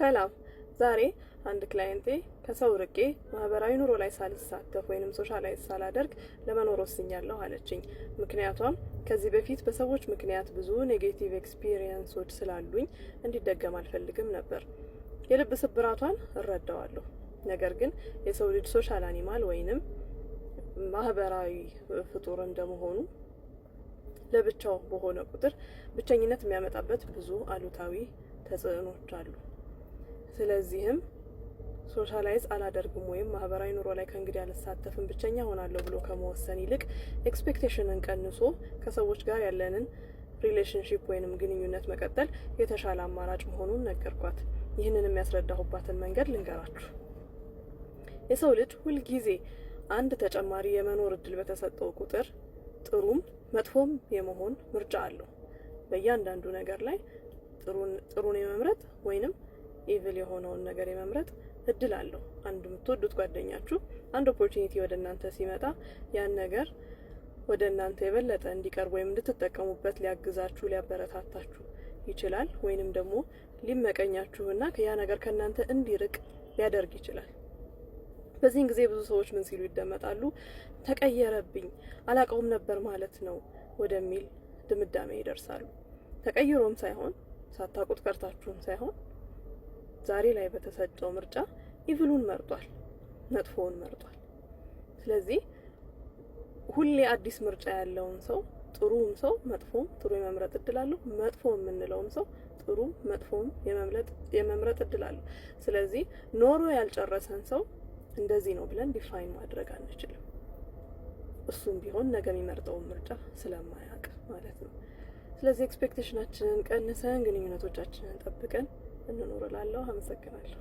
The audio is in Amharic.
ሰላም ዛሬ አንድ ክላይንቴ ከሰው ርቄ ማህበራዊ ኑሮ ላይ ሳልሳተፍ ወይንም ሶሻላይዝ ሳላደርግ ለመኖር ወስኛለሁ አለችኝ። ምክንያቷም ከዚህ በፊት በሰዎች ምክንያት ብዙ ኔጌቲቭ ኤክስፒሪየንሶች ስላሉኝ እንዲደገም አልፈልግም ነበር። የልብ ስብራቷን እረዳዋለሁ። ነገር ግን የሰው ልጅ ሶሻል አኒማል ወይንም ማህበራዊ ፍጡር እንደመሆኑ ለብቻው በሆነ ቁጥር ብቸኝነት የሚያመጣበት ብዙ አሉታዊ ተጽዕኖች አሉ። ስለዚህም ሶሻላይዝ አላደርግም ወይም ማህበራዊ ኑሮ ላይ ከእንግዲህ አልሳተፍም ብቸኛ ሆናለሁ ብሎ ከመወሰን ይልቅ ኤክስፔክቴሽንን ቀንሶ ከሰዎች ጋር ያለንን ሪሌሽንሽፕ ወይንም ግንኙነት መቀጠል የተሻለ አማራጭ መሆኑን ነገርኳት። ይህንን የሚያስረዳሁባትን መንገድ ልንገራችሁ። የሰው ልጅ ሁልጊዜ አንድ ተጨማሪ የመኖር እድል በተሰጠው ቁጥር ጥሩም መጥፎም የመሆን ምርጫ አለው። በእያንዳንዱ ነገር ላይ ጥሩን የመምረጥ ወይንም ኢቭል የሆነውን ነገር የመምረጥ እድል አለው። አንድ የምትወዱት ጓደኛችሁ አንድ ኦፖርቹኒቲ ወደ እናንተ ሲመጣ ያን ነገር ወደ እናንተ የበለጠ እንዲቀርብ ወይም እንድትጠቀሙበት ሊያግዛችሁ፣ ሊያበረታታችሁ ይችላል። ወይንም ደግሞ ሊመቀኛችሁና ያ ነገር ከእናንተ እንዲርቅ ሊያደርግ ይችላል። በዚህን ጊዜ ብዙ ሰዎች ምን ሲሉ ይደመጣሉ? ተቀየረብኝ፣ አላቀውም ነበር ማለት ነው ወደሚል ድምዳሜ ይደርሳሉ። ተቀይሮም ሳይሆን ሳታውቁት ቀርታችሁም ሳይሆን ዛሬ ላይ በተሰጠው ምርጫ ኢቭሉን መርጧል፣ መጥፎውን መርጧል። ስለዚህ ሁሌ አዲስ ምርጫ ያለውን ሰው ጥሩም ሰው መጥፎም ጥሩ የመምረጥ እድል አለው። መጥፎ የምንለውም ሰው ጥሩ መጥፎም የመምረጥ እድል አለው። ስለዚህ ኖሮ ያልጨረሰን ሰው እንደዚህ ነው ብለን ዲፋይን ማድረግ አንችልም። እሱም ቢሆን ነገ የሚመርጠውን ምርጫ ስለማያውቅ ማለት ነው። ስለዚህ ኤክስፔክቴሽናችንን ቀንሰን ግንኙነቶቻችንን ጠብቀን እንኖር እላለሁ። አመሰግናለሁ።